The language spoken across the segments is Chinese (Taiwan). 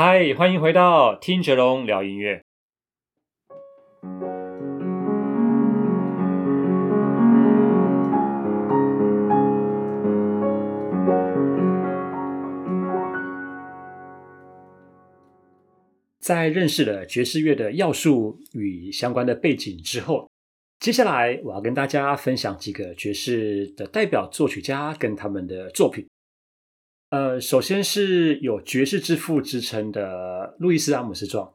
嗨，歡迎回到聽哲龍聊音樂。在認識了爵士樂的要素與相關的背景之後，接下來我要跟大家分享幾個爵士的代表作曲家跟他們的作品。呃，首先是有爵士之父之稱的路易斯·阿姆斯壯。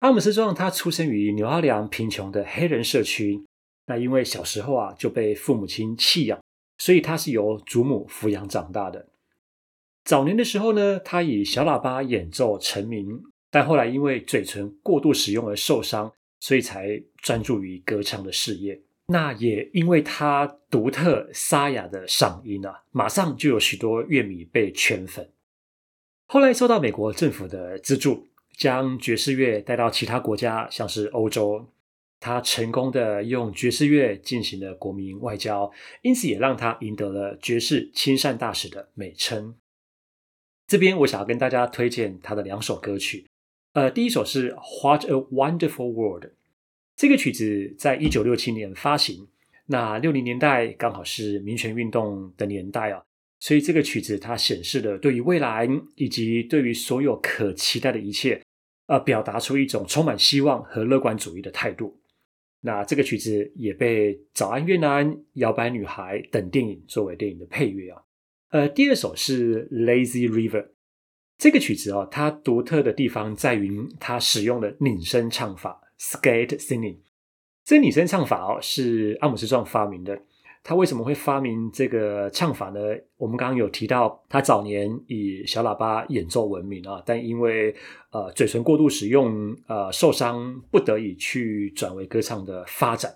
阿姆斯壯他出生於紐奧良貧窮的黑人社區，那因為小時候啊就被父母親棄養，所以他是由祖母撫養長大的。早年的時候呢，他以小喇叭演奏成名，但後來因為嘴唇過度使用而受傷，所以才專注於歌唱的事業。那也因為他獨特沙啞的嗓音啊，馬上就有許多樂迷被圈粉。後來受到美國政府的資助，將爵士樂帶到其他國家，像是歐洲，他成功的用爵士樂進行了國民外交，因此也讓他贏得了爵士親善大使的美稱。這邊我想要跟大家推薦他的兩首歌曲，呃，第一首是 What a Wonderful World。這個曲子在一九六七年發行，那六零年代剛好是民權運動的年代啊，所以這個曲子它顯示了對於未來以及對於所有可期待的一切，呃，表達出一種充滿希望和樂觀主義的態度。那這個曲子也被《早安越南》《搖擺女孩》等電影作為電影的配樂啊。呃，第二首是《Lazy River》這個曲子哦，它獨特的地方在於它使用的擬聲唱法。Skate singing，這女生唱法哦，是阿姆斯壯發明的。他為什麼會發明這個唱法呢？我們剛剛有提到，他早年以小喇叭演奏聞名啊，但因為呃嘴唇過度使用呃受傷，不得已去轉為歌唱的發展。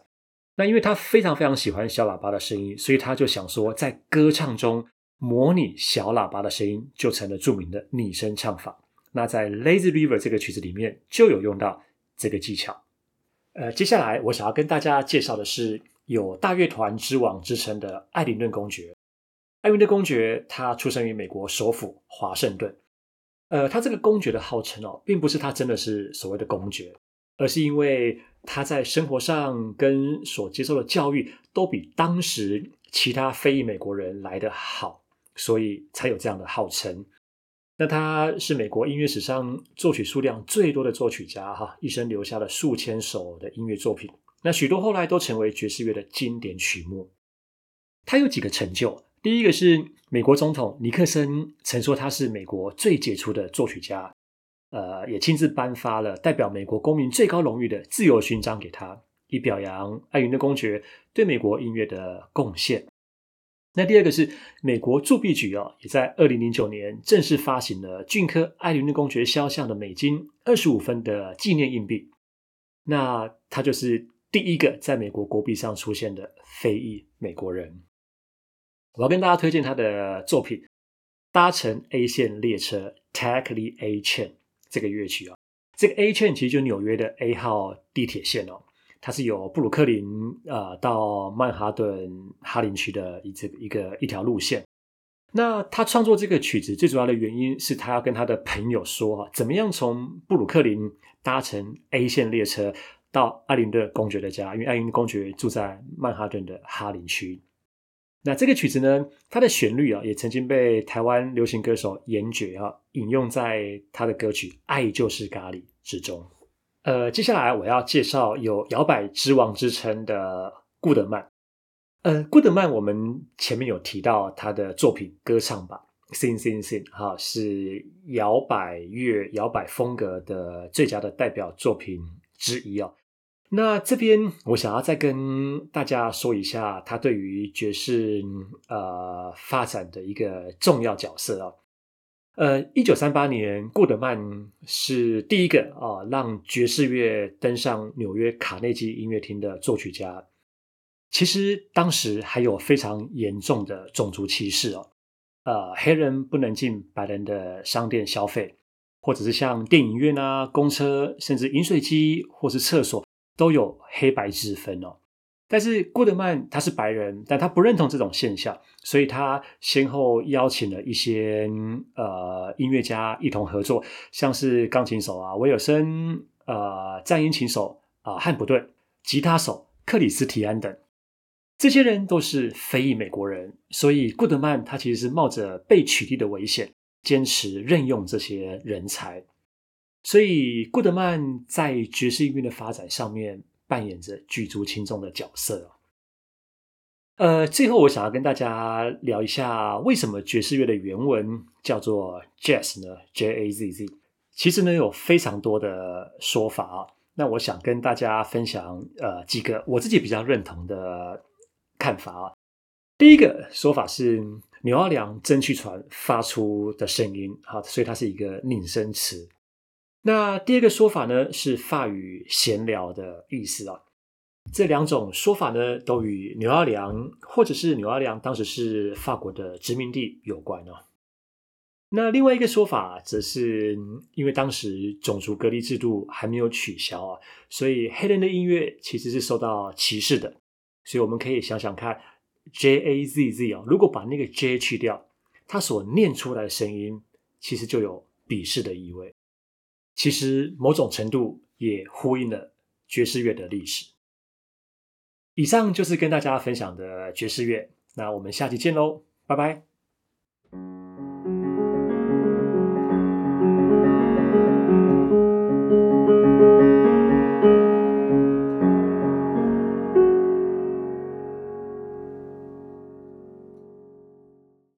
那因為他非常非常喜歡小喇叭的聲音，所以他就想說，在歌唱中模擬小喇叭的聲音，就成了著名的女聲唱法。那在 Lazy River 這個曲子裡面就有用到。這個技巧，呃，接下來我想要跟大家介紹的是有大樂團之王之稱的艾靈頓公爵。艾靈頓公爵他出生於美國首府華盛頓，呃，他這個公爵的號稱哦，並不是他真的是所謂的公爵，而是因為他在生活上跟所接受的教育都比當時其他非裔美國人來得好，所以才有這樣的號稱。那他是美國音樂史上作曲數量最多的作曲家，哈，一生留下了數千首的音樂作品。那許多後來都成為爵士樂的經典曲目。他有幾個成就，第一個是美國總統尼克森曾說他是美國最傑出的作曲家，呃，也親自頒發了代表美國公民最高榮譽的自由勳章給他，以表揚艾靈頓公爵對美國音樂的貢獻。那第二個是美國鑄幣局也在二零零九年正式發行了俊科艾琳的公爵肖像的美金二十五分的紀念硬幣。那他就是第一個在美國國幣上出現的非裔美國人。我要跟大家推薦他的作品《搭乘 A 線列車》（Take y A c h a i n 這個樂曲啊，這個 A n 其實就紐約的 A 號地鐵線它是由布魯克林啊、呃、到曼哈頓哈林區的一這一個一條路線。那他創作這個曲子最主要的原因是他要跟他的朋友說啊，怎麼樣從布魯克林搭乘 A 線列車到艾靈頓公爵的家，因為艾靈頓公爵住在曼哈頓的哈林區。那這個曲子呢，它的旋律啊，也曾經被台灣流行歌手嚴爵啊引用在他的歌曲《愛就是咖喱》之中。呃，接下來我要介紹有“搖擺之王”之稱的古德曼。呃，古德曼，我們前面有提到他的作品《歌唱吧》，Sing, Sing, Sing，哈、哦，是搖擺樂、搖擺風格的最佳的代表作品之一哦。那這邊我想要再跟大家說一下，他對於爵士呃發展的一個重要角色啊、哦。呃，一九三八年，顧德曼是第一個啊，呃，讓爵士樂登上紐約卡內基音樂廳的作曲家。其實當時還有非常嚴重的種族歧視哦，呃，黑人不能進白人的商店消費，或者是像電影院啊、公車，甚至飲水機或是廁所，都有黑白之分哦。但是，顧德曼他是白人，但他不認同這種現象，所以他先後邀請了一些呃音樂家一同合作，像是鋼琴手啊，威爾森啊，呃、顫音琴手啊、呃，漢普頓，吉他手克里斯提安等，這些人都是非裔美國人，所以顧德曼他其實是冒着被取締的危險，堅持任用這些人才，所以顧德曼在爵士音樂的發展上面，扮演着舉足輕重的角色，哦。呃，最後我想要跟大家聊一下，為什麼爵士樂的原文叫做 jazz 呢？J A Z Z。其實呢，有非常多的說法啊。那我想跟大家分享呃幾個我自己比較認同的看法啊。第一個說法是紐奧良蒸汽船發出的聲音，好，所以它是一個擬聲詞。那第二個說法呢，是法語閒聊的意思啊。這兩種說法呢，都與紐奧良或者是紐奧良當時是法國的殖民地有關哦、啊。那另外一個說法，則是因為當時種族隔離制度還沒有取消啊，所以黑人的音樂其實是受到歧視的。所以我們可以想想看，Jazz 啊、哦，如果把那個 J 去掉，它所念出來的聲音，其實就有鄙視的意味。其實某種程度也呼應了爵士樂的歷史。以上就是跟大家分享的爵士樂，那我們下期見嘍，拜拜。